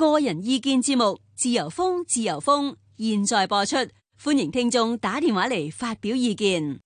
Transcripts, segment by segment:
個人意見節目，自由風，自由風，現在播出。歡迎聽眾打電話嚟發表意見。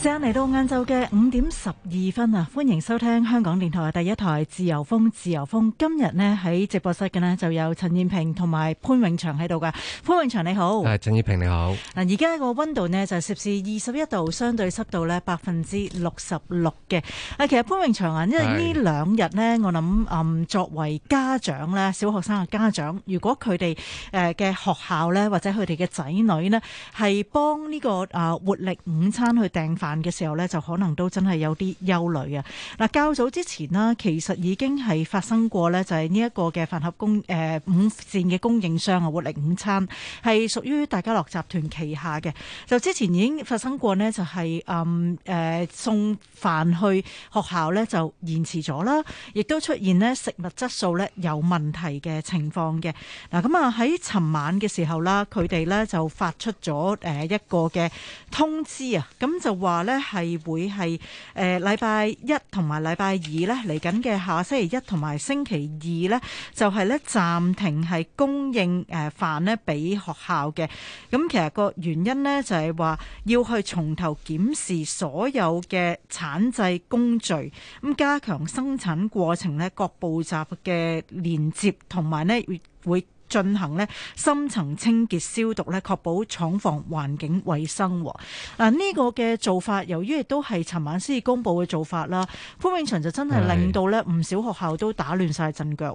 時間嚟到晏晝嘅五點十二分啊！歡迎收聽香港電台第一台自由風，自由風。今日咧喺直播室嘅咧就有陳燕萍同埋潘永祥喺度嘅。潘永祥你好，係陳燕萍你好。嗱，而家個溫度咧就攝氏二十一度，相對濕度咧百分之六十六嘅。啊，其實潘永祥啊，因為呢兩日咧，我諗啊，作為家長咧，小學生嘅家長，如果佢哋誒嘅學校咧或者佢哋嘅仔女咧係幫呢個誒活力午餐去訂飯。嘅時候咧，就可能都真係有啲憂慮啊。嗱，較早之前啦，其實已經係發生過咧，就係呢一個嘅飯盒供誒午膳嘅供應商啊，活力午餐係屬於大家樂集團旗下嘅。就之前已經發生過咧，就係誒誒送飯去學校咧就延遲咗啦，亦都出現咧食物質素咧有問題嘅情況嘅。嗱，咁啊喺尋晚嘅時候啦，佢哋咧就發出咗誒一個嘅通知啊，咁就話。咧係會係誒禮拜一同埋禮拜二咧嚟緊嘅下星期一同埋星期二咧就係咧暫停係供應誒飯咧俾學校嘅咁。其實個原因呢，就係話要去從頭檢視所有嘅產製工序，咁加強生產過程咧各步驟嘅連接，同埋咧會。進行咧深層清潔消毒咧，確保廠房環境衛生。嗱、啊、呢、這個嘅做法，由於亦都係尋晚先至公佈嘅做法啦。潘永祥就真係令到咧唔少學校都打亂晒陣腳。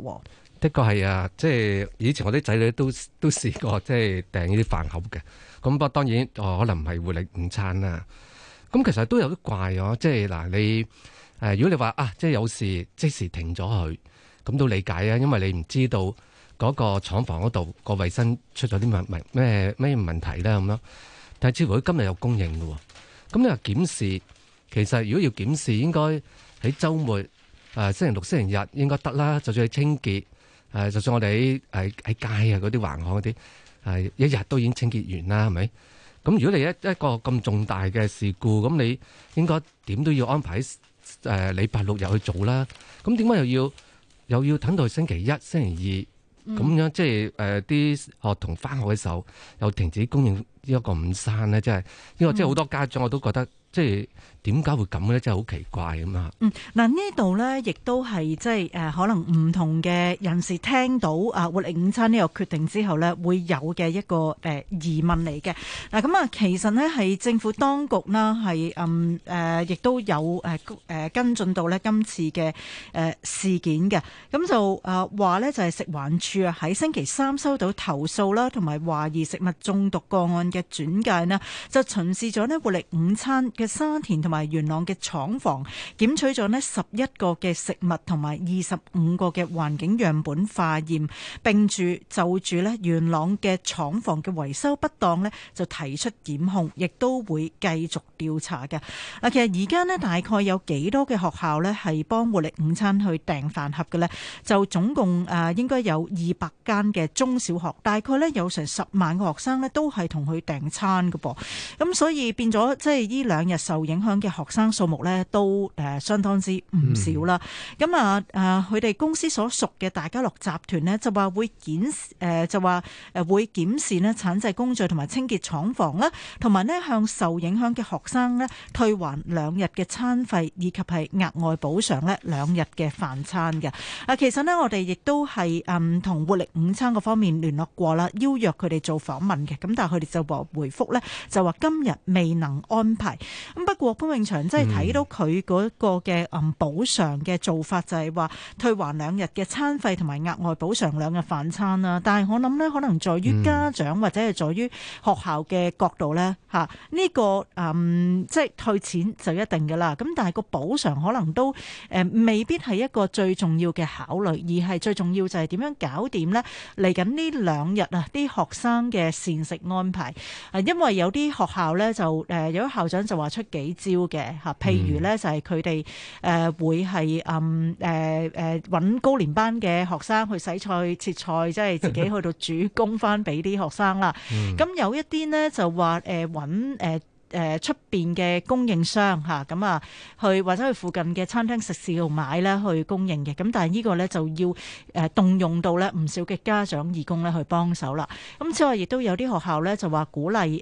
的確係啊，即、就、係、是、以前我啲仔女都都試過即係、就是、訂呢啲飯盒嘅。咁不過當然，我、哦、可能唔係活力午餐啊。咁其實都有啲怪咗、啊，即係嗱你誒、呃，如果你話啊，即係有事即時停咗佢，咁都理解啊，因為你唔知道。嗰、那個廠房嗰度個衛生出咗啲咩咩問題咧咁咯？但係乎佢今日有供應嘅喎，咁你話檢視其實如果要檢視，應該喺週末、呃、星期六、星期日應該得啦。就算清潔、呃、就算我哋喺喺街啊嗰啲橫巷嗰啲一日都已經清潔完啦，係咪？咁如果你一一個咁重大嘅事故，咁你應該點都要安排喺禮拜六日去做啦。咁點解又要又要等到星期一、星期二？咁、嗯、樣即係誒啲學童翻學嘅時候，又停止供應呢一個午餐咧，即係因為即係好多家長，我都覺得。即係點解會咁咧？真係好奇怪咁啊！嗯，嗱呢度咧，亦都係即係誒可能唔同嘅人士聽到啊活力午餐呢個決定之後咧，會有嘅一個誒、呃、疑問嚟嘅。嗱咁啊，其實咧係政府當局啦，係誒誒亦都有誒誒、呃呃、跟進到咧今次嘅誒、呃、事件嘅。咁就誒話咧，就係、是、食環署啊，喺星期三收到投訴啦，同埋懷疑食物中毒個案嘅轉介咧，就巡視咗咧活力午餐嘅。沙田同埋元朗嘅廠房檢取咗呢十一個嘅食物同埋二十五個嘅環境樣本化驗，並住就住咧元朗嘅廠房嘅維修不當咧就提出檢控，亦都會繼續調查嘅。啊，其實而家咧大概有幾多嘅學校咧係幫活力午餐去訂飯盒嘅咧？就總共誒應該有二百間嘅中小學，大概咧有成十萬個學生咧都係同佢訂餐噶噃。咁所以變咗即係呢兩日。受影響嘅學生數目呢都誒相當之唔少啦。咁啊誒，佢哋公司所屬嘅大家樂集團呢，就話會檢誒就話誒會檢視呢產製工序同埋清潔廠房啦，同埋呢向受影響嘅學生呢退還兩日嘅餐費，以及係額外補償呢兩日嘅飯餐嘅。啊，其實呢，我哋亦都係誒同活力午餐嗰方面聯絡過啦，邀約佢哋做訪問嘅。咁但係佢哋就話回覆呢，就話今日未能安排。咁不過潘永祥即係睇到佢嗰個嘅補償嘅做法，嗯、就係、是、話退還兩日嘅餐費同埋額外補償兩日飯餐啦。但係我諗呢，可能在於家長或者係在於學校嘅角度呢，嚇、嗯、呢、呢個誒，即、嗯、係、就是、退錢就一定噶啦。咁但係個補償可能都誒未必係一個最重要嘅考慮，而係最重要就係點樣搞掂呢？嚟緊呢兩日啊啲學生嘅膳食安排啊，因為有啲學校呢，就誒有啲校長就話。出幾招嘅，嚇，譬如咧就係佢哋誒會係誒誒揾高年班嘅學生去洗菜切菜，即係自己去到煮供翻俾啲學生啦。咁 有一啲呢就話誒揾誒。誒、呃、出邊嘅供應商咁啊，去、啊、或者去附近嘅餐廳食肆度買咧，去供應嘅。咁但係呢個咧就要誒、呃、動用到咧唔少嘅家長義工咧去幫手啦。咁此外亦都有啲學校咧就話鼓勵啲、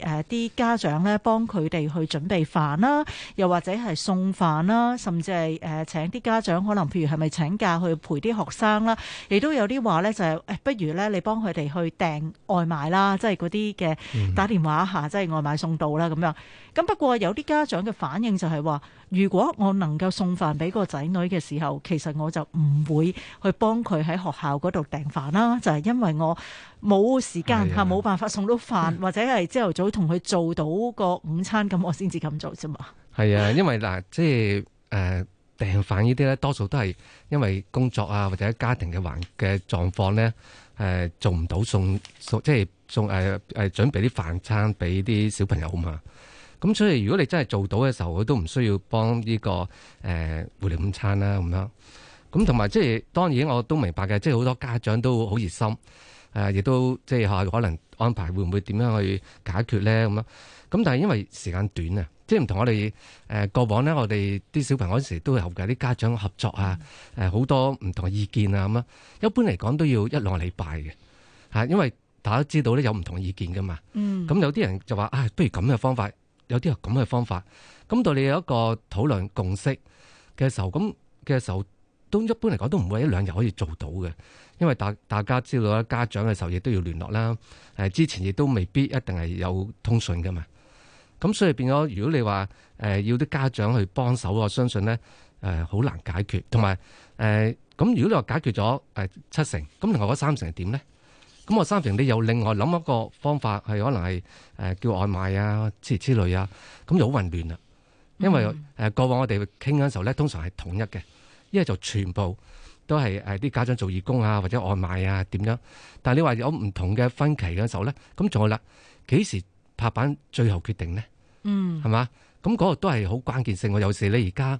呃、家長咧幫佢哋去準備飯啦，又或者係送飯啦，甚至係誒、呃、請啲家長可能譬如係咪請假去陪啲學生啦。亦都有啲話咧就係、是哎、不如咧你幫佢哋去訂外賣啦，即係嗰啲嘅打電話吓，嗯、即係外賣送到啦咁樣。咁不過有啲家長嘅反應就係話：如果我能夠送飯俾個仔女嘅時候，其實我就唔會去幫佢喺學校嗰度訂飯啦。就係、是、因為我冇時間嚇，冇辦法送到飯，是或者係朝頭早同佢做到個午餐，咁我先至咁做啫嘛。係啊，因為嗱、呃，即係誒、呃、訂飯呢啲咧，多數都係因為工作啊或者家庭嘅環嘅狀況咧，誒、呃、做唔到送送，即係送誒誒準備啲飯餐俾啲小朋友嘛。咁所以如果你真係做到嘅時候，佢都唔需要幫呢、這個誒活力午餐啦咁樣。咁同埋即係當然我都明白嘅，即係好多家長都好熱心，誒、呃、亦都即係可能安排會唔會點樣去解決咧咁咯。咁但係因為時間短啊，即係唔同我哋誒、呃、過往咧，我哋啲小朋友嗰陣時候都有嘅啲家長合作啊，誒好多唔同嘅意見啊咁咯。一般嚟講都要一兩個禮拜嘅嚇，因為大家都知道咧有唔同意見噶嘛。咁、嗯、有啲人就話啊，不如咁嘅方法。有啲係咁嘅方法，咁對你有一個討論共識嘅時候，咁嘅時候都一般嚟講都唔會一兩日可以做到嘅，因為大大家知道啦，家長嘅時候亦都要聯絡啦，誒之前亦都未必一定係有通訊㗎嘛，咁所以變咗，如果你話誒要啲家長去幫手，我相信咧誒好難解決，同埋誒咁如果你話解決咗誒七成，咁另外嗰三成係點咧？咁我三成，你又另外諗一個方法，係可能係誒叫外賣啊，之之類啊，咁就好混亂啦。因為誒過往我哋傾嗰陣時候咧，通常係統一嘅，一係就全部都係誒啲家長做義工啊，或者外賣啊點樣。但係你話有唔同嘅分歧嘅時候咧，咁仲有啦，幾時拍板最後決定咧？嗯，係嘛？咁嗰個都係好關鍵性。我有時你而家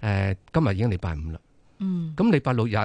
誒今日已經禮拜五啦。嗯，咁禮拜六日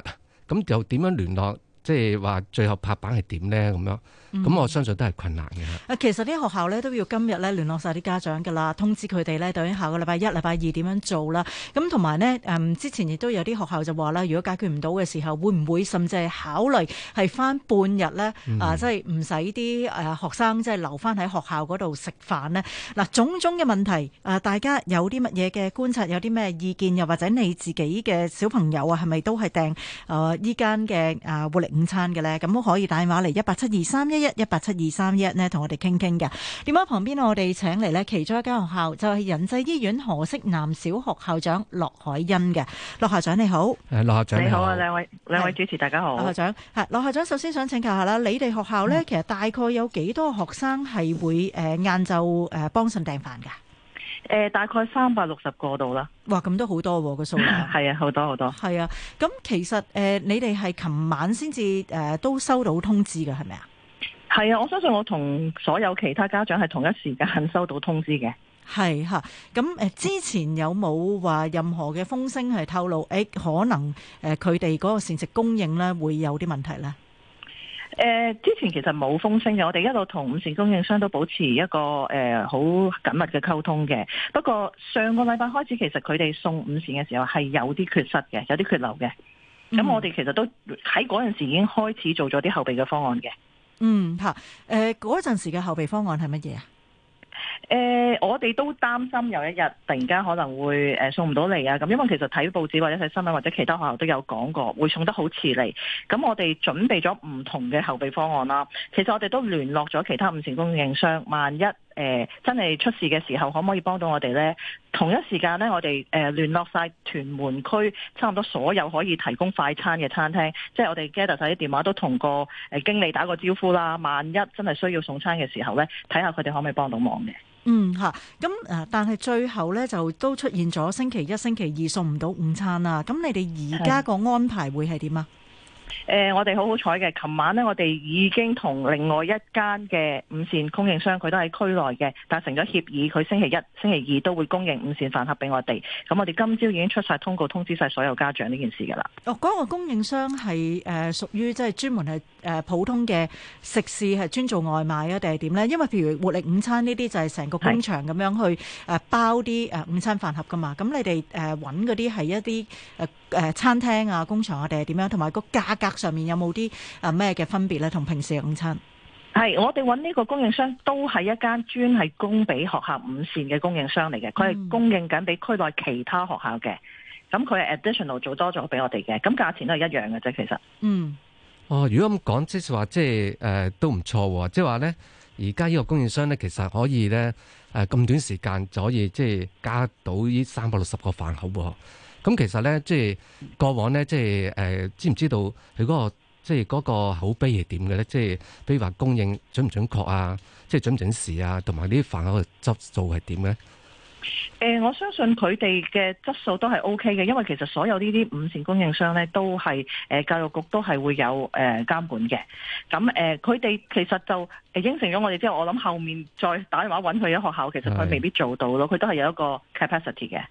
咁就點樣聯絡？即係話最後拍板係點呢？咁、嗯、樣咁我相信都係困難嘅。啊，其實啲學校咧都要今日咧聯絡晒啲家長噶啦，通知佢哋咧，就喺下個禮拜一、禮拜二點樣做啦。咁同埋呢，誒，之前亦都有啲學校就話啦，如果解決唔到嘅時候，會唔會甚至係考慮係翻半日咧、嗯？啊，即係唔使啲誒學生即係留翻喺學校嗰度食飯呢？嗱，種種嘅問題啊，大家有啲乜嘢嘅觀察，有啲咩意見，又或者你自己嘅小朋友啊，係咪都係訂誒依間嘅誒活力？午餐嘅咧，咁都可以打電話嚟一八七二三一一一八七二三一一咧，同我哋傾傾嘅。電話旁邊我哋請嚟咧，其中一間學校就係仁濟醫院何式南小學校長樂凱欣嘅。樂校長你好，誒，樂校長你好啊，兩位兩位主持大家好。樂校長，誒，樂校長首先想請教下啦，你哋學校咧、嗯，其實大概有幾多學生係會誒晏晝誒幫襯訂飯噶？呃誒，大概三百六十個度啦。哇，咁都好多個數量。係啊，好、 啊、多好多。係啊，咁其實誒、呃，你哋係琴晚先至誒，都收到通知嘅係咪啊？係啊，我相信我同所有其他家長係同一時間收到通知嘅。係哈、啊，咁誒，之前有冇話任何嘅風聲係透露？誒、哎，可能誒，佢哋嗰個膳食供應咧會有啲問題咧？誒、呃，之前其實冇風聲嘅，我哋一路同午膳供應商都保持一個誒好緊密嘅溝通嘅。不過上個禮拜開始，其實佢哋送午膳嘅時候係有啲缺失嘅，有啲缺漏嘅。咁我哋其實都喺嗰陣時已經開始做咗啲後備嘅方案嘅。嗯、吓、嗯，誒，嗰陣時嘅後備方案係乜嘢啊？誒、呃，我哋都擔心有一日突然間可能會送唔到嚟啊！咁因為其實睇報紙或者睇新聞或者其他學校都有講過，會送得好遲嚟。咁我哋準備咗唔同嘅後備方案啦。其實我哋都聯絡咗其他午膳供應商，萬一誒、呃、真係出事嘅時候，可唔可以幫到我哋呢？同一時間呢，我哋誒、呃、聯絡晒屯門區差唔多所有可以提供快餐嘅餐廳，即係我哋 gather 曬啲電話，都同個經理打個招呼啦。萬一真係需要送餐嘅時候呢，睇下佢哋可唔可以幫到忙嘅。嗯吓，咁誒，但係最後呢，就都出現咗星期一、星期二送唔到午餐啦。咁你哋而家個安排會係點啊？誒、呃，我哋好好彩嘅，琴晚呢，我哋已經同另外一間嘅午膳供應商，佢都喺區內嘅，達成咗協議，佢星期一、星期二都會供應午膳飯盒俾我哋。咁我哋今朝已經出晒通告，通知晒所有家長呢件事噶啦。哦，嗰、那個供應商係誒屬於即係專門係誒、呃、普通嘅食肆，係專做外賣啊，定係點呢？因為譬如活力午餐呢啲就係成個工場咁樣去誒、呃、包啲誒、呃、午餐飯盒噶嘛。咁你哋誒揾嗰啲係一啲誒。呃誒，餐廳啊，工廠啊，定係點樣？同埋個價格上面有冇啲啊咩嘅分別咧？同平時嘅。午餐係我哋揾呢個供應商，都係一間專係供俾學校午膳嘅供應商嚟嘅。佢、嗯、係供應緊俾區內其他學校嘅。咁佢係 additional 做多咗俾我哋嘅。咁價錢都係一樣嘅啫。其實嗯哦，如果咁講，即係話、呃，即係誒都唔錯。即係話咧，而家呢個供應商咧，其實可以咧，誒咁短時間就可以即係加到呢三百六十個飯口。咁其實咧，即係過往咧，即係誒，知唔知道佢，那、嗰個即係嗰個口碑係點嘅咧？即係比如話供應準唔準確啊，即係準唔準時啊，同埋啲飯盒嘅質素係點咧？誒、呃，我相信佢哋嘅質素都係 O K 嘅，因為其實所有呢啲午膳供應商咧，都係誒教育局都係會有誒監管嘅。咁誒，佢，呃、哋其實就應承咗我哋之後，我諗後面再打電話揾佢嘅學校，其實佢未必做到咯，佢都係有一個 capacity 嘅。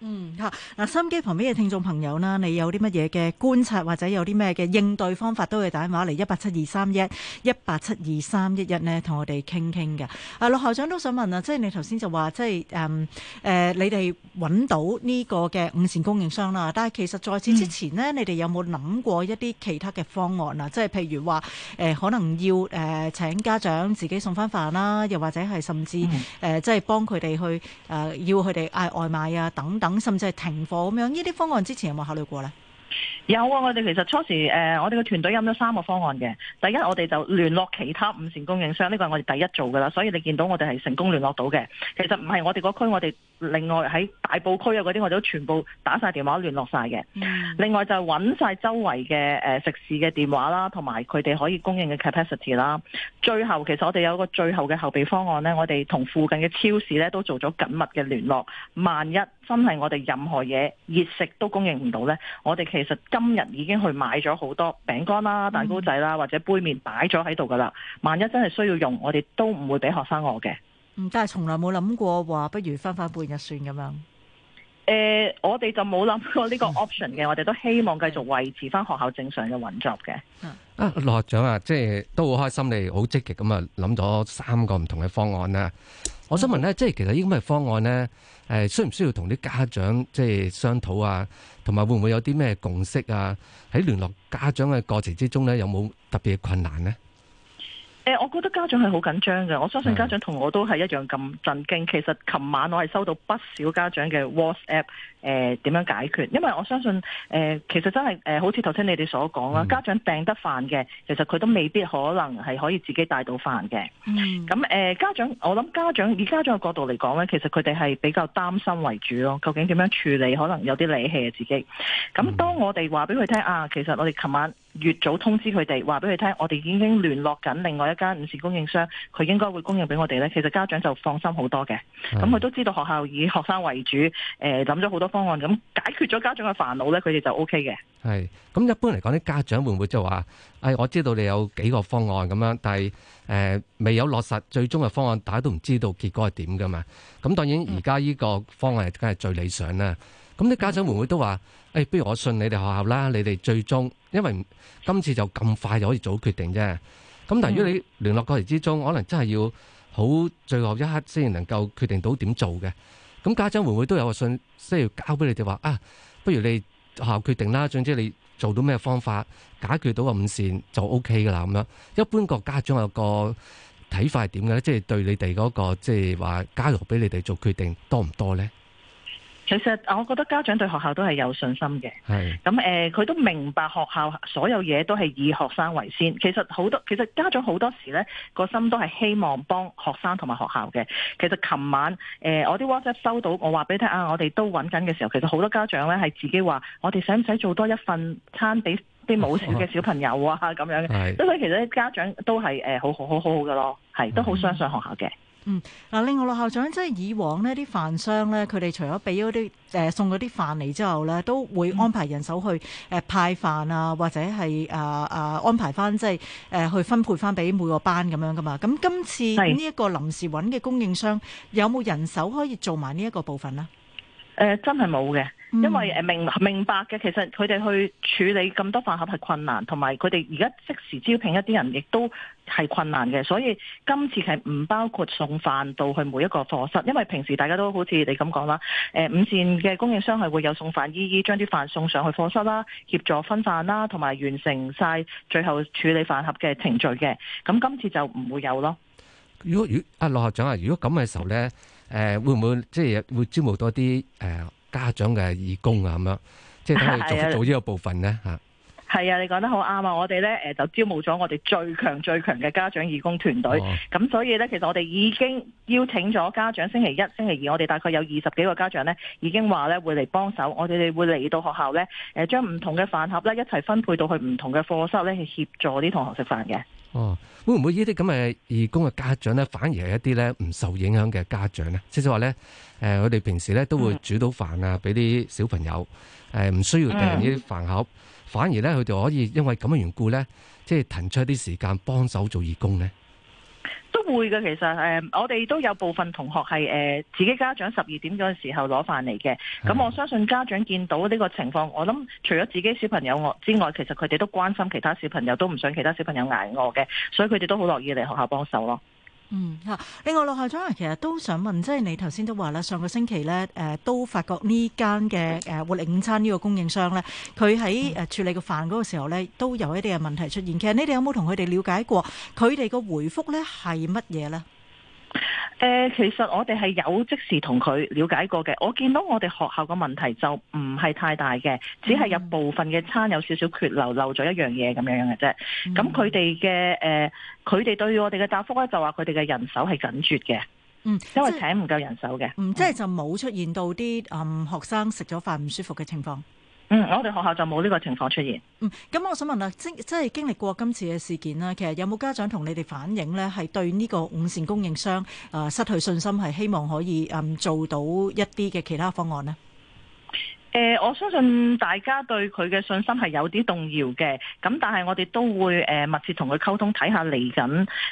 嗯吓，嗱、啊，收音機旁邊嘅聽眾朋友啦，你有啲乜嘢嘅觀察或者有啲咩嘅應對方法都會打電話嚟 17231, 一八七二三一一八七二三一一咧，同我哋傾傾嘅。啊樂，校長都想問啊，即係你頭先就話，即係誒誒，你哋揾到呢個嘅午膳供應商啦，但係其實在此之前咧，嗯，你哋有冇諗過一啲其他嘅方案啊？即係譬如話，誒，呃，可能要誒，呃，請家長自己送翻飯啦，又或者係甚至誒，嗯呃，即係幫佢哋去誒，呃，要佢哋嗌外賣啊等等。等甚至係停課咁樣，呢啲方案之前有冇考慮過咧？有啊！我哋其實初時誒、呃，我哋個團隊有咗三個方案嘅。第一，我哋就聯絡其他午膳供應商，呢個係我哋第一做㗎喇。所以你見到我哋係成功聯絡到嘅。其實唔係我哋嗰區，我哋另外喺大埔區啊嗰啲，我哋都全部打晒電話聯絡晒嘅、嗯。另外就係搵晒周圍嘅誒食肆嘅電話啦，同埋佢哋可以供應嘅 capacity 啦。最後，其實我哋有一個最後嘅後備方案呢，我哋同附近嘅超市呢都做咗緊密嘅聯絡。萬一真係我哋任何嘢熱食都供應唔到呢，我哋其實。今日已經去買咗好多餅乾啦、蛋糕仔啦，嗯、或者杯麵擺咗喺度噶啦。萬一真係需要用，我哋都唔會俾學生餓嘅、嗯。但係從來冇諗過話，不如翻翻半日算咁樣。誒、呃，我哋就冇諗過呢個 option 嘅。 我哋都希望繼續維持翻學校正常嘅運作嘅。啊，樂校長啊，即係都好開心，你好積極咁啊諗咗三個唔同嘅方案啦。我想問呢，即係其實呢個方案呢，誒需唔需要同啲家長即係商討啊？同埋會唔會有啲咩共識啊？喺聯絡家長嘅過程之中呢，有冇特別困難呢？誒、呃，我覺得家長係好緊張噶，我相信家長同我都係一樣咁震驚。其實琴晚我係收到不少家長嘅 WhatsApp，誒、呃、點樣解決？因為我相信，誒、呃、其實真係，誒好似頭先你哋所講啦，家長訂得飯嘅，其實佢都未必可能係可以自己帶到飯嘅。嗯，咁誒、呃、家長，我諗家長以家長嘅角度嚟講咧，其實佢哋係比較擔心為主咯。究竟點樣處理？可能有啲理氣嘅、啊、自己。咁當我哋話俾佢聽啊，其實我哋琴晚。越早通知佢哋，話俾佢聽，我哋已經聯絡緊另外一間午膳供應商，佢應該會供應俾我哋呢。其實家長就放心好多嘅，咁佢都知道學校以學生為主，誒諗咗好多方案，咁解決咗家長嘅煩惱呢，佢哋就 O K 嘅。係，咁一般嚟講，啲家長會唔會就話，誒、哎、我知道你有幾個方案咁樣，但係誒未有落實最終嘅方案，大家都唔知道結果係點噶嘛？咁當然而家呢個方案梗係、嗯、最理想啦。咁啲家長會唔會都話：誒、哎，不如我信你哋學校啦。你哋最終，因為今次就咁快就可以做決定啫。咁，但如果你聯絡過程之中，可能真係要好最後一刻先能夠決定到點做嘅。咁家長會唔會都會有個信，即係要交俾你哋話啊？不如你學校決定啦。總之你做到咩方法解決到個午膳就 O K 㗎喇。咁樣一般個家長有個睇法係點嘅咧？即、就、係、是、對你哋嗰、那個即係話交由俾你哋做決定多唔多咧？其實我覺得家長對學校都係有信心嘅。係咁誒，佢、嗯呃、都明白學校所有嘢都係以學生為先。其實好多，其實家長好多時咧，個心都係希望幫學生同埋學校嘅。其實琴晚誒、呃，我啲 WhatsApp 收到，我話俾你聽啊，我哋都揾緊嘅時候，其實好多家長咧係自己話，我哋使唔使做多一份餐俾啲冇事嘅小朋友啊，咁、啊啊、樣嘅？係，所以其實家長都係誒、呃、好好好好好嘅咯。係，都好相信學校嘅。嗯嗯，嗱，另外啦，校長，即係以往呢啲飯商呢佢哋除咗俾嗰啲誒送嗰啲飯嚟之後呢都會安排人手去、呃、派飯啊，或者係、呃、啊安排翻即係、呃、去分配翻俾每個班咁樣噶嘛。咁今次呢一個臨時揾嘅供應商，有冇人手可以做埋呢一個部分呢？誒、嗯，真係冇嘅，因為誒明明白嘅，其實佢哋去處理咁多飯盒係困難，同埋佢哋而家即時招聘一啲人亦都係困難嘅，所以今次係唔包括送飯到去每一個課室，因為平時大家都好似你咁講啦，誒午膳嘅供應商係會有送飯姨姨將啲飯送上去課室啦，協助分飯啦，同埋完成晒最後處理飯盒嘅程序嘅，咁今次就唔會有咯。如果如阿樂校長啊，如果咁嘅時候咧？誒、呃，會唔會即係會招募多啲誒家長嘅義工啊？咁樣即係等佢做呢、啊、個部分呢？吓。係啊，你講得好啱啊！我哋呢誒就招募咗我哋最強最強嘅家長義工團隊。咁、哦、所以呢，其實我哋已經邀請咗家長星期一、星期二，我哋大概有二十幾個家長呢已經話呢會嚟幫手。我哋哋會嚟到學校呢，誒將唔同嘅飯盒呢一齊分配到去唔同嘅課室呢，去協助啲同學食飯嘅。哦，會唔會呢啲咁嘅義工嘅家長咧，反而係一啲咧唔受影響嘅家長咧？即係話咧，誒，我哋平時咧都會煮到飯啊，俾啲小朋友誒，唔需要訂呢啲飯盒，反而咧佢哋可以因為咁嘅緣故咧，即係騰出一啲時間幫手做義工咧。都會嘅，其實誒、呃，我哋都有部分同學係誒、呃、自己家長十二點嗰個時候攞飯嚟嘅，咁我相信家長見到呢個情況，我諗除咗自己小朋友之外，其實佢哋都關心其他小朋友，都唔想其他小朋友捱餓嘅，所以佢哋都好樂意嚟學校幫手咯。嗯吓，另外樂校長，其實都想問，即係你頭先都話啦，上個星期咧誒，都發覺呢間嘅誒活力午餐呢個供應商咧，佢喺誒處理個飯嗰個時候咧都有一啲嘅問題出現。其實你哋有冇同佢哋了解過佢哋嘅回覆咧係乜嘢咧？誒、呃，其實我哋係有即時同佢了解過嘅。我見到我哋學校嘅問題就唔係太大嘅，只係有部分嘅餐有少少缺漏，漏咗一樣嘢，咁樣樣嘅啫。咁佢哋嘅誒，佢哋，呃，對我哋嘅答覆咧就話佢哋嘅人手係緊缺嘅，嗯，因為請唔夠人手嘅，嗯，即係就冇出現到啲嗯學生食咗飯唔舒服嘅情況。嗯，我哋學校就冇呢個情況出現。嗯，咁我想問啦，即即係經歷過今次嘅事件啦，其實有冇家長同你哋反映呢？係對呢個午膳供應商失去信心，係希望可以嗯做到一啲嘅其他方案呢？誒，我相信大家對佢嘅信心係有啲動搖嘅，咁但係我哋都會誒密切同佢溝通，睇下嚟緊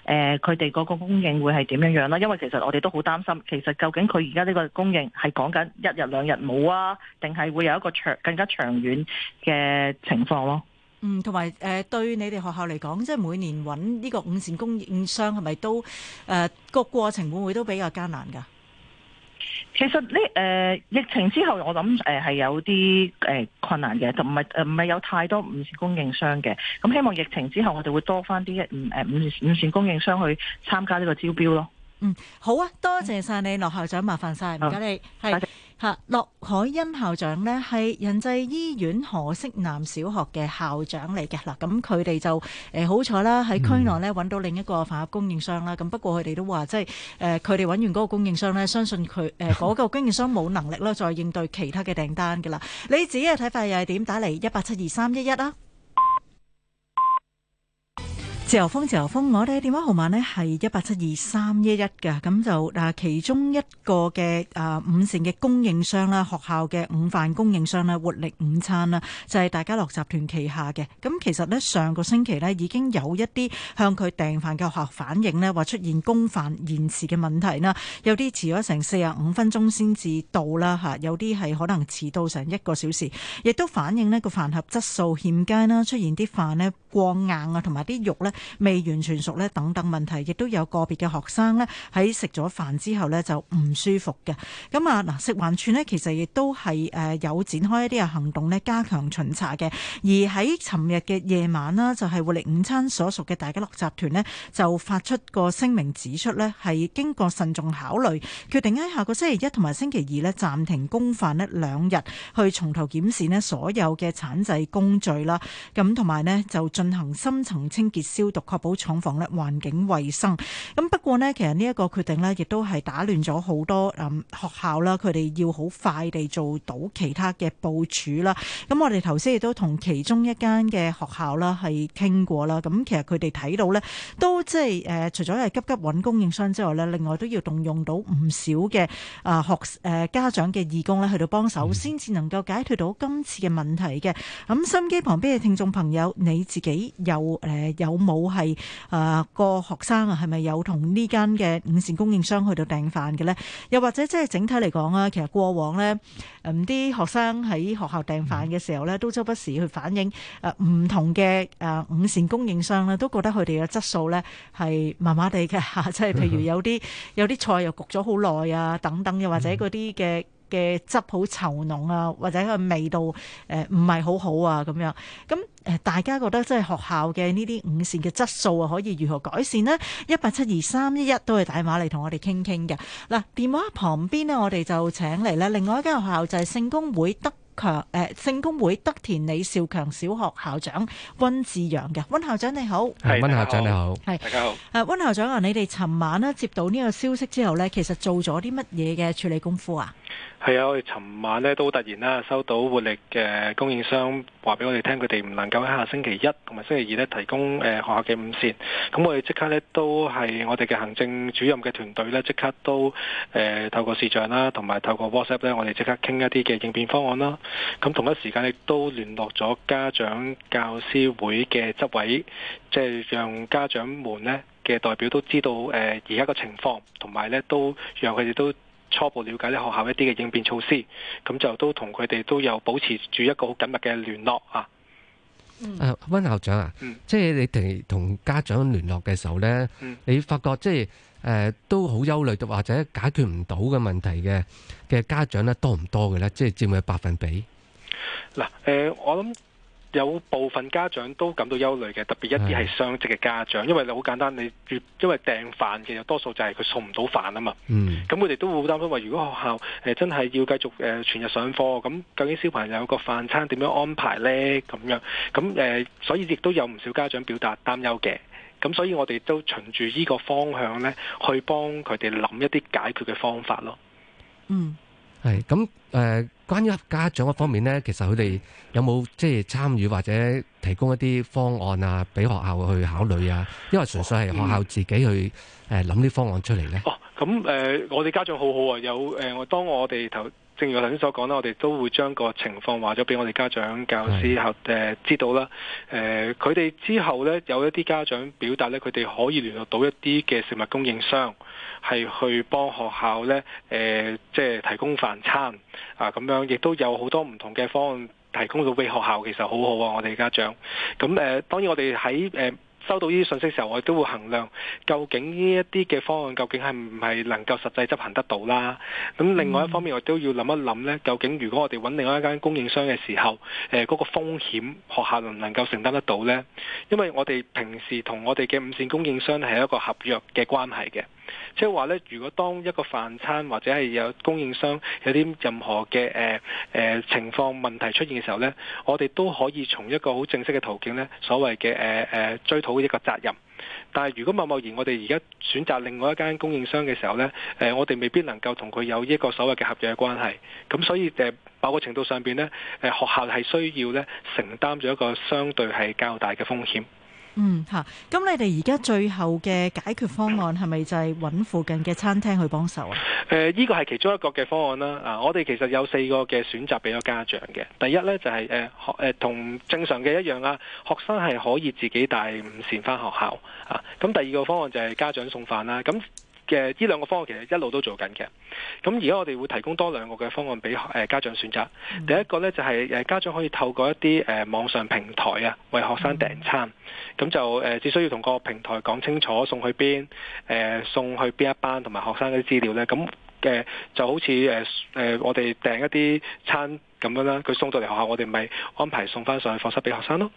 誒佢哋嗰個供應會係點樣樣啦。因為其實我哋都好擔心，其實究竟佢而家呢個供應係講緊一日兩日冇啊，定係會有一個長更加長遠嘅情況咯？嗯，同埋誒，對你哋學校嚟講，即係每年搵呢個午膳供應商，係咪都誒個、呃、過程會唔會都比較艱難噶？其實呢誒、呃、疫情之後我諗誒係有啲誒、呃、困難嘅，就唔係唔係有太多午膳供應商嘅，咁希望疫情之後我哋會多返啲一五誒午膳午膳供應商去參加呢個招標咯。嗯，好啊，多謝晒你，樂校長，麻煩晒，唔該你係。是謝謝啊，樂凱欣校長呢係仁濟醫院何式南小學嘅校長嚟嘅，嗱咁佢哋就誒、呃、好彩啦，喺區內咧揾到另一個飯盒供應商啦，咁、嗯、不過佢哋都話即係誒，佢哋揾完嗰個供應商呢，相信佢誒嗰個供應商冇能力啦，再應對其他嘅訂單噶啦，你自己嘅睇法又係點？打嚟一八七二三一一啦。自由風，自由風，我哋嘅電話號碼呢係一八七二三一一嘅，咁就啊其中一個嘅啊、呃、五成嘅供應商啦，學校嘅午飯供應商啦，活力午餐啦，就係、是、大家樂集團旗下嘅。咁其實呢，上個星期呢已經有一啲向佢訂飯嘅學校反映呢，話出現供飯延遲嘅問題啦，有啲遲咗成四十五分鐘先至到啦吓，有啲係可能遲到成一個小時，亦都反映呢個飯盒質素欠佳啦，出現啲飯呢過硬啊，同埋啲肉呢。未完全熟咧，等等問題，亦都有個別嘅學生咧，喺食咗飯之後咧，就唔舒服嘅。咁啊嗱，食環處呢，其實亦都係誒有展開一啲嘅行動咧，加強巡查嘅。而喺尋日嘅夜晚啦，就係、是、活力午餐所屬嘅大家樂集團呢，就發出個聲明指出呢，係經過慎重考慮，決定喺下個星期一同埋星期二呢，暫停供飯咧兩日，去從頭檢視呢所有嘅產製工序啦。咁同埋呢，就進行深層清潔消。消毒，確保廠房咧環境衛生。咁不過呢，其實呢一個決定呢，亦都係打亂咗好多誒、嗯、學校啦。佢哋要好快地做到其他嘅部署啦。咁我哋頭先亦都同其中一間嘅學校啦係傾過啦。咁其實佢哋睇到呢，都即係誒，除咗係急急揾供應商之外呢，另外都要動用到唔少嘅誒、啊、學誒、啊、家長嘅義工咧，去到幫手，先至能夠解決到今次嘅問題嘅。咁心機旁邊嘅聽眾朋友，你自己有誒、呃、有冇？冇？係啊，個學生啊，係咪有同呢間嘅午膳供應商去到訂飯嘅呢？又或者即係整體嚟講啊，其實過往呢嗯，啲、呃、學生喺學校訂飯嘅時候呢，都周不時去反映，誒、呃，唔同嘅誒、呃、午膳供應商呢，都覺得佢哋嘅質素呢係麻麻地嘅吓，即係譬如有啲 有啲菜又焗咗好耐啊，等等，又或者嗰啲嘅。嘅汁好稠濃啊，或者個味道誒，唔係好好啊，咁樣咁誒，大家覺得即係學校嘅呢啲午膳嘅質素啊，可以如何改善呢？一八七二三一一都係打馬嚟，同我哋傾傾嘅嗱。電話旁邊呢，我哋就請嚟呢另外一間學校，就係聖公會德強誒聖公會德田李兆強小學校長溫志揚嘅，溫校長你好，係溫校長你好，係大家好誒，啊、溫校長啊，你哋尋晚呢接到呢個消息之後呢，其實做咗啲乜嘢嘅處理功夫啊？係啊，我哋尋晚咧都突然啦，收到活力嘅供應商話俾我哋聽，佢哋唔能夠喺下星期一同埋星期二咧提供誒、呃、學校嘅午膳。咁我哋即刻咧都係我哋嘅行政主任嘅團隊咧，即刻都誒、呃、透過視像啦，同埋透過 WhatsApp 咧，我哋即刻傾一啲嘅應變方案啦。咁同一時間亦都聯絡咗家長教師會嘅執委，即係讓家長們呢嘅代表都知道誒而家個情況，同埋咧都讓佢哋都。初步了解呢學校一啲嘅應變措施，咁就都同佢哋都有保持住一個好緊密嘅聯絡啊。嗯，誒，溫校長啊、嗯，即係你哋同家長聯絡嘅時候咧、嗯，你發覺即係誒、呃、都好憂慮到，或者解決唔到嘅問題嘅嘅家長咧多唔多嘅咧？即係佔嘅百分比。嗱，誒、呃，我諗。有部分家長都感到憂慮嘅，特別一啲係雙職嘅家長，因為你好簡單，你因為訂飯嘅有多數就係佢送唔到飯啊嘛。咁佢哋都會擔心話，如果學校誒、呃、真係要繼續誒、呃、全日上課，咁究竟小朋友有個飯餐點樣安排呢？咁樣咁誒，所以亦都有唔少家長表達擔憂嘅。咁所以我哋都循住呢個方向呢，去幫佢哋諗一啲解決嘅方法咯。嗯。係咁誒，關於家長方面咧，其實佢哋有冇即係參與或者提供一啲方案啊，俾學校去考慮啊？因為純粹係學校自己去誒諗啲方案出嚟咧。哦，咁誒、呃，我哋家長好好啊，有誒，我、呃、當我哋頭。正如我頭先所講啦，我哋都會將個情況話咗俾我哋家長、教師合誒知道啦。誒，佢哋、呃、之後呢，有一啲家長表達呢，佢哋可以聯絡到一啲嘅食物供應商，係去幫學校呢，誒、呃，即係提供飯餐啊。咁樣亦都有好多唔同嘅方案提供到俾學校，其實好好啊。我哋家長咁誒、呃，當然我哋喺誒。呃收到呢啲信息時候，我都會衡量究竟呢一啲嘅方案究竟係唔係能夠實際執行得到啦。咁另外一方面，嗯、我都要諗一諗咧，究竟如果我哋揾另外一間供應商嘅時候，誒、呃、嗰、嗰個風險學校能唔能夠承擔得到咧？因為我哋平時同我哋嘅午膳供應商係一個合約嘅關係嘅。即係話咧，如果當一個飯餐或者係有供應商有啲任何嘅誒誒情況問題出現嘅時候咧，我哋都可以從一個好正式嘅途徑咧，所謂嘅誒誒追討一個責任。但係如果貿貿然我哋而家選擇另外一間供應商嘅時候咧，誒、呃，我哋未必能夠同佢有一個所謂嘅合約嘅關係。咁所以誒，某個程度上邊咧，誒學校係需要咧承擔咗一個相對係較大嘅風險。嗯吓，咁、啊、你哋而家最後嘅解決方案係咪就係揾附近嘅餐廳去幫手啊？誒、呃，呢個係其中一個嘅方案啦。啊，我哋其實有四個嘅選擇俾咗家長嘅。第一呢，就係、是呃呃、同正常嘅一樣啦、啊，學生係可以自己帶午膳返學校啊。咁第二個方案就係家長送飯啦。咁、啊嘅呢兩個方案其實一路都做緊嘅，咁而家我哋會提供多兩個嘅方案俾家長選擇。第一個呢，就係家長可以透過一啲網上平台啊，為學生訂餐，咁就只需要同個平台講清楚送去邊，送去邊一班同埋學生啲資料呢。咁嘅就好似我哋訂一啲餐。咁樣啦，佢送到嚟學校，我哋咪安排送翻上去課室俾學生咯。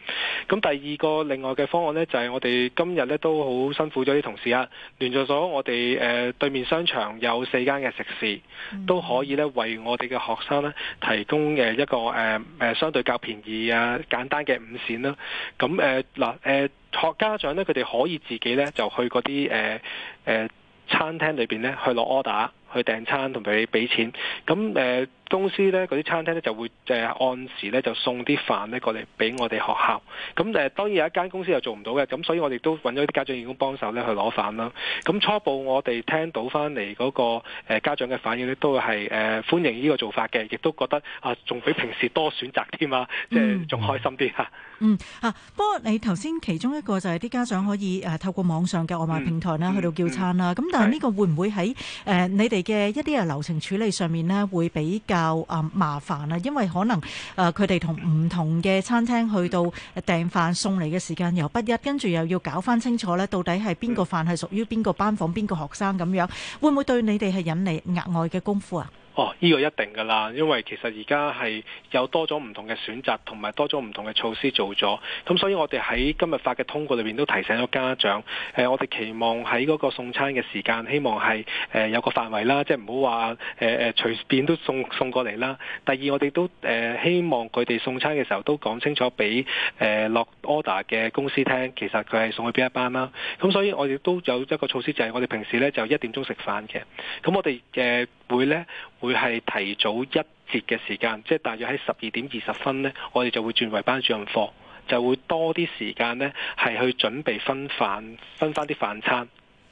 咁第二個另外嘅方案呢，就係、是、我哋今日呢都好辛苦咗啲同事啊，聯絡咗我哋、呃、對面商場有四間嘅食肆，都可以呢為我哋嘅學生呢提供一個、呃、相對較便宜啊簡單嘅午膳啦。咁嗱、呃呃、學家長呢，佢哋可以自己呢就去嗰啲、呃呃、餐廳裏面呢去落 order，去訂餐同佢俾錢。咁公司呢嗰啲餐廳呢，就會誒、呃、按時呢就送啲飯呢過嚟俾我哋學校。咁、嗯、誒當然有一間公司又做唔到嘅，咁所以我哋都揾咗啲家長義工幫手呢去攞飯啦。咁、嗯、初步我哋聽到翻嚟嗰個、呃、家長嘅反應呢，都係誒歡迎呢個做法嘅，亦都覺得啊仲、呃、比平時多選擇添啊，即係仲開心啲嚇。嗯嚇、嗯啊，不過你頭先其中一個就係啲家長可以誒透過網上嘅外賣平台啦去到叫餐啦。咁、嗯嗯嗯、但係呢個會唔會喺誒、呃、你哋嘅一啲誒流程處理上面呢，會比較？較麻煩啦，因為可能誒，佢哋同唔同嘅餐廳去到訂飯送嚟嘅時間又不一，跟住又要搞翻清楚呢，到底係邊個飯係屬於邊個班房邊個學生咁樣，會唔會對你哋係引嚟額外嘅功夫啊？哦，呢個一定噶啦，因為其實而家係有多種唔同嘅選擇，同埋多種唔同嘅措施做咗。咁所以我哋喺今日發嘅通告裏面都提醒咗家長。呃、我哋期望喺嗰個送餐嘅時間，希望係、呃、有個範圍啦，即係唔好話誒隨便都送送過嚟啦。第二，我哋都、呃、希望佢哋送餐嘅時候都講清楚俾落、呃、order 嘅公司聽，其實佢係送去邊一班啦。咁所以我哋都有一個措施，就係我哋平時咧就一點鐘食飯嘅。咁我哋會咧會係提早一節嘅時間，即係大約喺十二點二十分咧，我哋就會轉為班主任課，就會多啲時間咧係去準備分飯分翻啲飯餐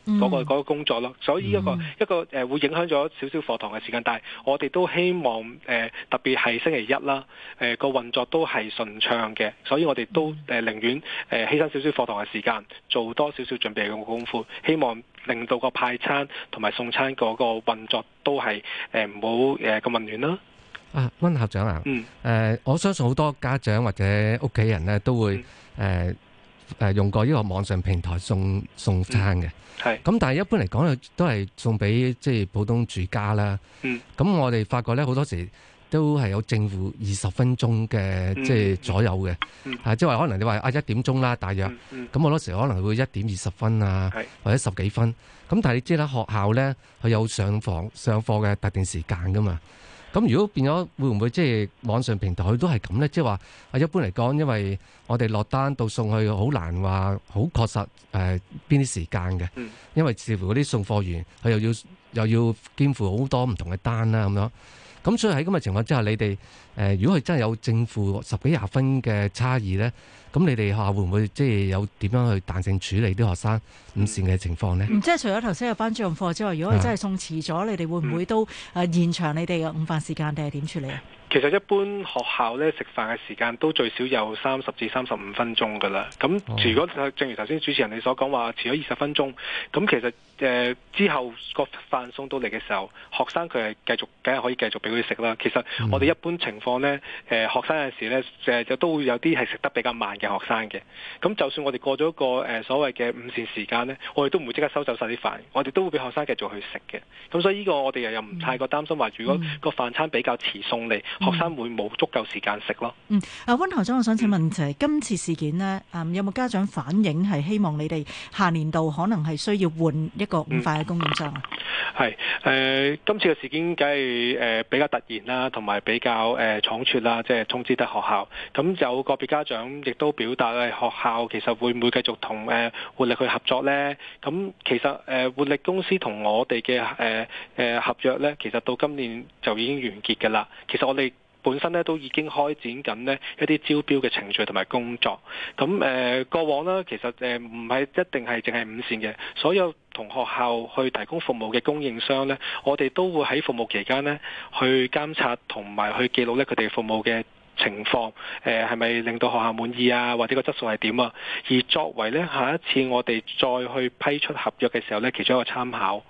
嗰個嗰個工作咯。所以一個一個誒會影響咗少少課堂嘅時間，但係我哋都希望誒特別係星期一啦，誒個運作都係順暢嘅，所以我哋都誒寧願誒犧牲少少課堂嘅時間，做多少少準備嘅功夫，希望令到個派餐同埋送餐嗰個運作都係誒唔好誒咁混亂啦。啊，溫校長啊，嗯，誒、呃、我相信好多家長或者屋企人咧都會誒誒、嗯呃、用過呢個網上平台送送餐嘅。係、嗯。咁但係一般嚟講，都係送俾即係普通住家啦。嗯。咁我哋發覺咧，好多時。都係有正負二十分鐘嘅，即、嗯、係左右嘅、嗯。啊，即係話可能你話啊一點鐘啦，大約咁，我、嗯、嗰、嗯、時候可能會一點二十分啊，或者十幾分。咁但係你知啦，學校呢，佢有上堂上課嘅特定時間噶嘛。咁如果變咗會唔會即係網上平台佢都係咁呢？即係話啊，一般嚟講，因為我哋落單到送去好難話好確實誒邊啲時間嘅、嗯，因為似乎嗰啲送貨員佢又要又要肩負好多唔同嘅單啦咁樣。咁所以喺咁嘅情況之下，你哋。誒、呃，如果係真係有正負十幾廿分嘅差異呢，咁你哋學校會唔會即係、就是、有點樣去彈性處理啲學生午膳嘅情況呢？嗯嗯、即係除咗頭先有班主任課之外，如果佢真係送遲咗，你哋會唔會都誒、嗯啊、延長你哋嘅午飯時間定係點處理啊？其實一般學校咧食飯嘅時間都最少有三十至三十五分鐘噶啦。咁如果、嗯、正如頭先主持人你所講話，遲咗二十分鐘，咁其實誒、呃、之後個飯送到嚟嘅時候，學生佢係繼續，梗係可以繼續俾佢食啦。其實我哋一般情況講咧，誒學生有時咧誒就都會有啲係食得比較慢嘅學生嘅。咁就算我哋過咗一個所謂嘅午膳時間咧，我哋都唔會即刻收走晒啲飯，我哋都會俾學生繼續去食嘅。咁所以呢個我哋又又唔太過擔心話，如果個飯餐比較遲送嚟，嗯，學生會冇足夠時間食咯。嗯。溫校長，我想請問就係、嗯、今次事件呢，有冇家長反映係希望你哋下年度可能係需要換一個更快嘅供應商？係、嗯、誒、呃，今次嘅事件梗係比較突然啦，同埋比較誒。呃係廠缺啦，即係通知得學校，咁有個別家長亦都表達咧，學校其實會唔會繼續同誒活力去合作呢？咁其實誒活力公司同我哋嘅誒誒合約呢，其實到今年就已經完結噶啦。其實我哋。本身咧都已經開展緊呢一啲招標嘅程序同埋工作，咁誒過往呢，其實誒唔係一定係淨係五線嘅，所有同學校去提供服務嘅供應商呢，我哋都會喺服務期間呢去監察同埋去記錄呢佢哋服務嘅情況，誒係咪令到學校滿意啊，或者個質素係點啊？而作為呢，下一次我哋再去批出合約嘅時候呢，其中一個參考。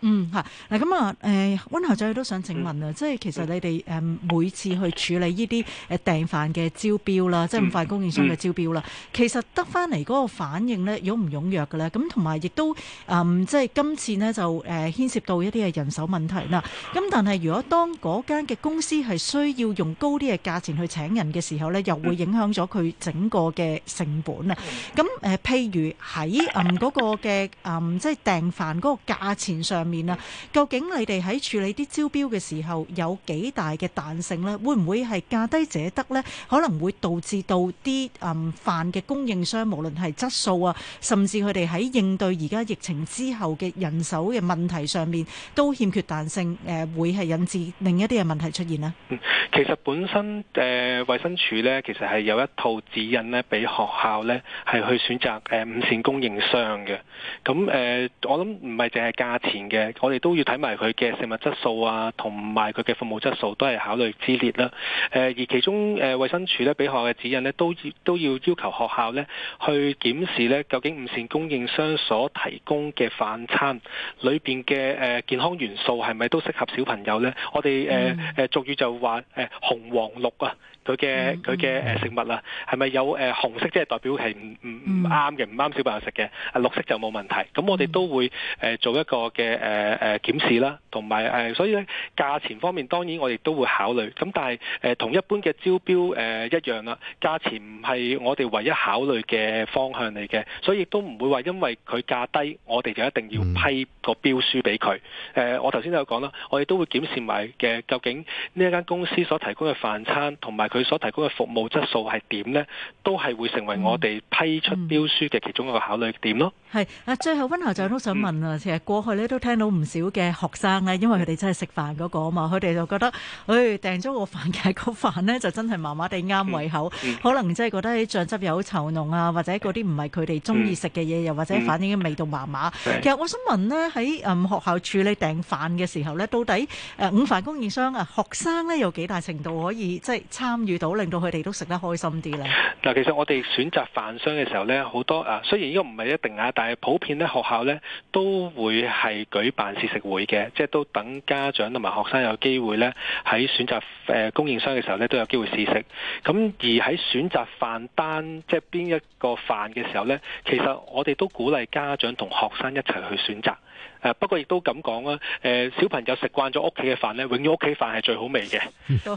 嗯，吓，嗱咁啊，誒、嗯，溫校長都想請問啊，嗯，即係其實你哋誒、嗯、每次去處理呢啲誒訂飯嘅招標啦，嗯，即係五塊供應商嘅招標啦，嗯，其實得翻嚟嗰個反應咧，踴唔踴躍嘅咧？咁同埋亦都誒、嗯、即係今次咧就誒牽涉到一啲嘅人手問題啦。咁但係如果當嗰間嘅公司係需要用高啲嘅價錢去請人嘅時候咧，又會影響咗佢整個嘅成本啊。咁誒、呃、譬如喺誒嗰個嘅誒、嗯、即係訂飯嗰個價錢上。面啦，究竟你哋喺處理啲招標嘅時候有幾大嘅彈性咧？會唔會係價低者得咧？可能會導致到啲誒飯嘅供應商，無論係質素啊，甚至佢哋喺應對而家疫情之後嘅人手嘅問題上面，都欠缺彈性，誒會係引致另一啲嘅問題出現咧。嗯，其實本身誒衞生署咧，其實係有一套指引咧，俾學校咧係去選擇誒午膳供應商嘅。咁誒，我諗唔係淨係價錢嘅。誒， 我哋都要睇埋佢嘅食物質素啊，同埋佢嘅服務質素都係考慮之列啦。誒，而其中誒衛生署咧，俾學校嘅指引呢，都要都要要求學校呢去檢視呢，究竟午膳供應商所提供嘅飯餐裏面嘅健康元素係咪都適合小朋友呢？我哋誒誒俗語就話誒紅黃綠啊，佢嘅佢嘅誒食物啊，係咪有誒紅色即係、就是、代表係唔唔唔啱嘅，唔啱小朋友食嘅？綠色就冇問題。咁我哋都會誒做一個嘅誒誒檢視啦，同埋所以咧價錢方面當然我哋都會考慮，咁但係同、呃、一般嘅招標、呃、一樣啦，價錢唔係我哋唯一考慮嘅方向嚟嘅，所以亦都唔會話因為佢價低，我哋就一定要批個標書俾佢、呃。我頭先都有講啦，我哋都會檢視埋嘅究竟呢一間公司所提供嘅飯餐同埋佢所提供嘅服務質素係點呢？都係會成為我哋批出標書嘅其中一個考慮點咯。係、嗯、啊、嗯嗯，最後温校長都想問啊、嗯，其實過去呢都聽到唔少嘅學生咧，因為佢哋真係食飯嗰、那個啊嘛，佢哋就覺得，誒、哎、訂咗、那個飯嘅個飯咧就真係麻麻地啱胃口，可能真係覺得啲醬汁又好稠濃啊，或者嗰啲唔係佢哋中意食嘅嘢，又或者反映嘅味道麻麻。其實我想問呢，喺誒、嗯、學校處理訂飯嘅時候呢，到底誒午飯供應商啊，學生呢，有幾大程度可以即係、就是、參與到，令到佢哋都食得開心啲呢？嗱，其實我哋選擇飯商嘅時候呢，好多誒，雖然呢個唔係一定啊，但係普遍呢，學校呢都會係舉。辦試食會嘅，即係都等家長同埋學生有機會咧，喺選擇誒供應商嘅時候咧，都有機會試食。咁而喺選擇飯單，即係邊一個飯嘅時候咧，其實我哋都鼓勵家長同學生一齊去選擇。誒、啊、不過亦都咁講啦，誒、呃、小朋友食慣咗屋企嘅飯咧，永遠屋企飯係最好味嘅，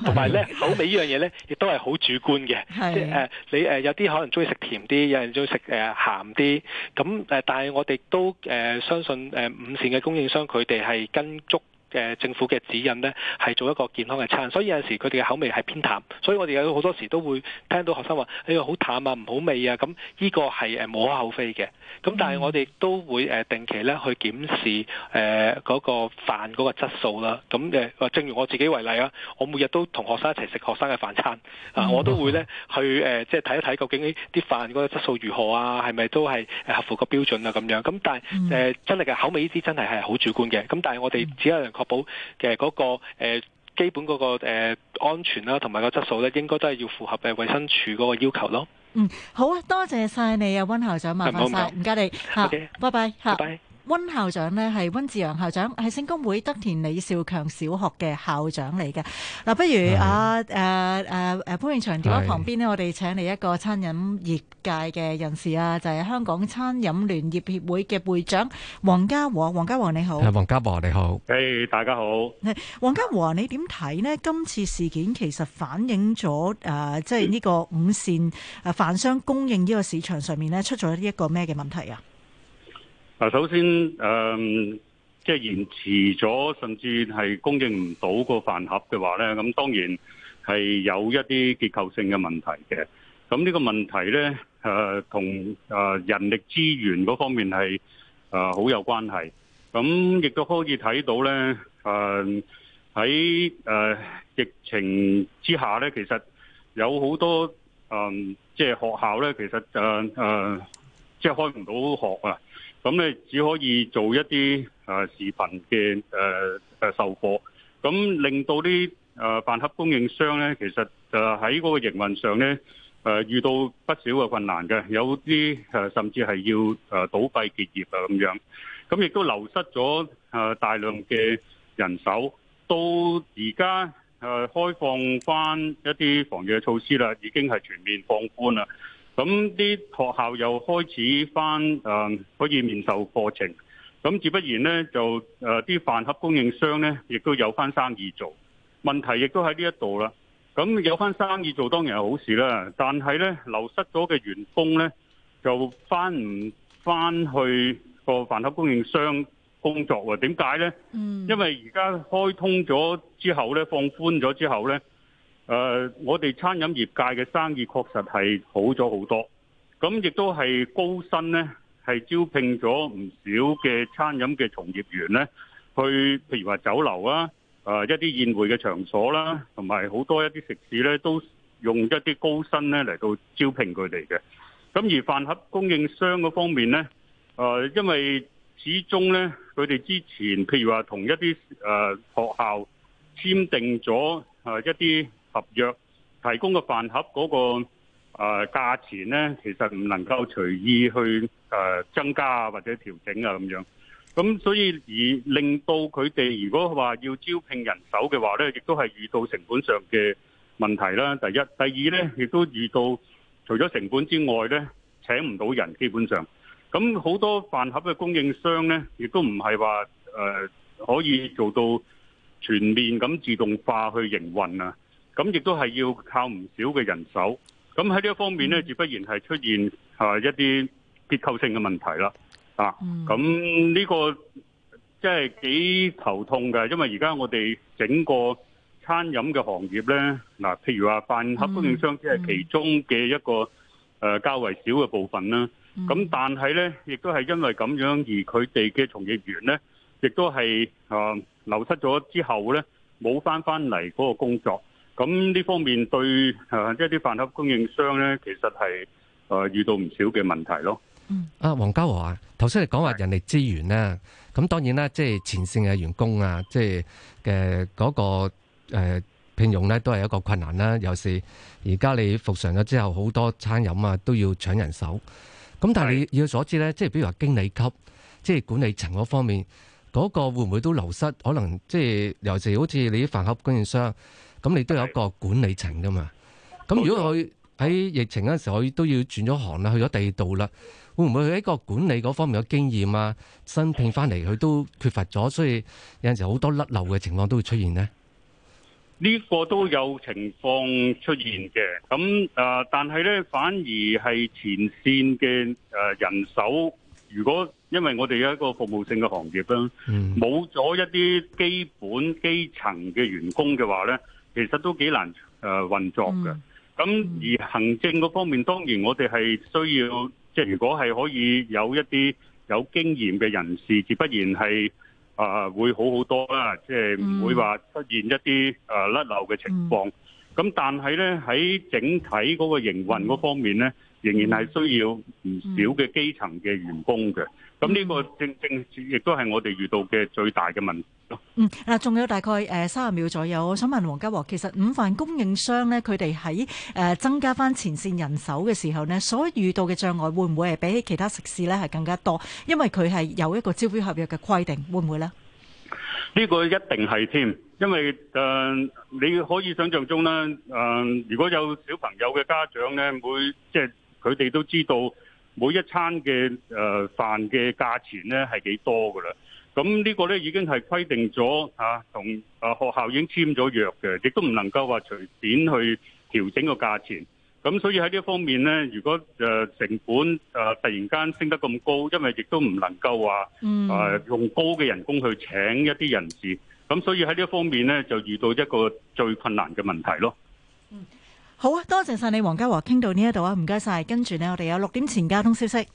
同埋咧，口味呢樣嘢咧，亦都係好主觀嘅， 即係、呃、你誒、呃、有啲可能鍾意食甜啲，有人鍾意食誒鹹啲，咁、呃、但係我哋都誒、呃、相信誒、呃、午膳嘅供應商佢哋係跟足嘅政府嘅指引呢，係做一個健康嘅餐，所以有陣時佢哋嘅口味係偏淡，所以我哋有好多時都會聽到學生話：呢個好淡啊，唔好味啊。咁、這、呢個係誒無可厚非嘅。咁但係我哋都會誒定期呢去檢視嗰個飯嗰個質素啦。咁正如我自己為例啊，我每日都同學生一齊食學生嘅飯餐啊，我都會呢去即係睇一睇究竟啲飯嗰個質素如何啊，係咪都係合乎個標準啊咁樣。咁但係真係嘅口味呢啲真係係好主觀嘅。咁但係我哋只有。確保嘅嗰個誒基本嗰個誒安全啦，同埋個質素咧，應該都係要符合誒衛生署嗰個要求咯。嗯，好啊，多謝晒你啊，溫校長，麻煩晒，唔該你吓，拜拜吓。Okay, bye bye, 溫校長呢係溫志揚校長，係聖公會德田李兆強小學嘅校長嚟嘅。嗱、啊，不如阿誒誒誒潘永祥電話旁邊咧，我哋請嚟一個餐飲業界嘅人士啊，就係、是、香港餐飲聯業協會嘅會長黃家和。黃家和你好。誒，黃家和你好。誒、hey,，大家好。誒，黃家和你點睇呢？今次事件其實反映咗誒，即係呢個五線誒飯商供應呢個市場上面呢，出咗一個咩嘅問題啊？嗱，首先誒，即、嗯、係、就是、延遲咗，甚至係供應唔到個飯盒嘅話咧，咁當然係有一啲結構性嘅問題嘅。咁呢個問題咧，誒、呃，同誒人力資源嗰方面係誒好有關係。咁亦都可以睇到咧，誒喺誒疫情之下咧，其實有好多誒，即、呃、係、就是、學校咧，其實誒誒、呃，即係開唔到學啊。咁你只可以做一啲啊視頻嘅誒售貨，咁令到啲誒飯盒供應商咧，其實誒喺嗰個營運上咧誒遇到不少嘅困難嘅，有啲誒甚至係要誒倒閉結業啊咁樣，咁亦都流失咗誒大量嘅人手。到而家誒開放翻一啲防疫措施啦，已經係全面放寬啦。咁啲學校又開始翻誒、嗯、可以面授課程，咁自不然呢，就誒啲、呃、飯盒供應商呢，亦都有翻生意做。問題亦都喺呢一度啦。咁有翻生意做當然係好事啦，但係呢，流失咗嘅員工呢，就翻唔翻去個飯盒供應商工作呀？點解呢、嗯？因為而家開通咗之後呢，放寬咗之後呢。誒、uh，我哋餐飲業界嘅生意確實係好咗好多，咁亦都係高薪呢，係招聘咗唔少嘅餐飲嘅從業員呢，去譬如話酒樓啊，啊一啲宴會嘅場所啦、啊，同埋好多一啲食肆呢，都用一啲高薪呢嚟到招聘佢哋嘅。咁而飯盒供應商嗰方面呢、啊，因為始終呢，佢哋之前譬如話同一啲、啊、學校簽訂咗誒一啲合約提供嘅飯盒嗰、那個誒、呃、價錢呢，其實唔能夠隨意去誒、呃、增加或者調整啊，咁樣咁，所以而令到佢哋如果話要招聘人手嘅話呢，亦都係遇到成本上嘅問題啦。第一，第二呢，亦都遇到除咗成本之外呢，請唔到人，基本上咁好多飯盒嘅供應商呢，亦都唔係話誒可以做到全面咁自動化去營運啊。咁亦都係要靠唔少嘅人手，咁喺呢一方面咧，自不然係出現嚇一啲結構性嘅問題啦、嗯。啊，咁呢個即係幾頭痛㗎，因為而家我哋整個餐飲嘅行業咧，嗱，譬如話飯盒供應商即、嗯、係、嗯、其中嘅一個誒較為少嘅部分啦。咁、嗯、但係咧，亦都係因為咁樣而佢哋嘅從業員咧，亦都係啊、呃、流失咗之後咧，冇翻翻嚟嗰個工作。咁呢方面對誒，即係啲飯盒供應商咧，其實係誒遇到唔少嘅問題咯。嗯，阿黃家和啊，頭先你講話人力資源啦，咁當然啦，即係前線嘅員工啊，即係嘅嗰個誒聘用咧，都係一個困難啦。尤其是而家你復常咗之後，好多餐飲啊都要搶人手。咁但係你要所知咧，即係比如話經理級，即係管理層嗰方面，嗰個會唔會都流失？可能即係尤其好似你啲飯盒供應商。咁你都有個管理層噶嘛？咁如果佢喺疫情嗰陣時，佢都要轉咗行啦，去咗第二度啦，會唔會佢喺個管理嗰方面有經驗啊？新聘翻嚟佢都缺乏咗，所以有陣時好多甩漏嘅情況都會出現咧。呢個都有情況出現嘅，咁啊，但係咧，反而係前線嘅誒人手，如果因為我哋有一個服務性嘅行業啦，冇咗一啲基本基層嘅員工嘅話咧。其實都幾難誒、呃、運作嘅，咁而行政嗰方面，當然我哋係需要，即係如果係可以有一啲有經驗嘅人士，自不然係誒、呃、會好好多啦，即係唔會話出現一啲誒、呃、甩漏嘅情況。咁、嗯、但係咧喺整體嗰個營運嗰方面咧，仍然係需要唔少嘅基層嘅員工嘅。咁呢個正正亦都係我哋遇到嘅最大嘅問題咯。嗯，嗱，仲有大概誒三十秒左右，我想問黃家和，其實午飯供應商咧，佢哋喺誒增加翻前線人手嘅時候咧，所遇到嘅障礙會唔會係比起其他食肆咧係更加多？因為佢係有一個招標合約嘅規定，會唔會咧？呢個一定係添，因為誒你可以想像中啦，誒如果有小朋友嘅家長咧，會即係佢哋都知道。每一餐嘅誒、呃、飯嘅價錢咧係幾多嘅啦？咁呢個咧已經係規定咗啊，同誒學校已經簽咗約嘅，亦都唔能夠話隨便去調整個價錢。咁所以喺呢一方面咧，如果誒、呃、成本誒、啊、突然間升得咁高，因為亦都唔能夠話、啊、用高嘅人工去請一啲人士。咁所以喺呢一方面咧，就遇到一個最困難嘅問題咯。好啊，多謝晒你，黃家和傾到呢一度啊，唔該晒。跟住呢，我哋有六點前交通消息。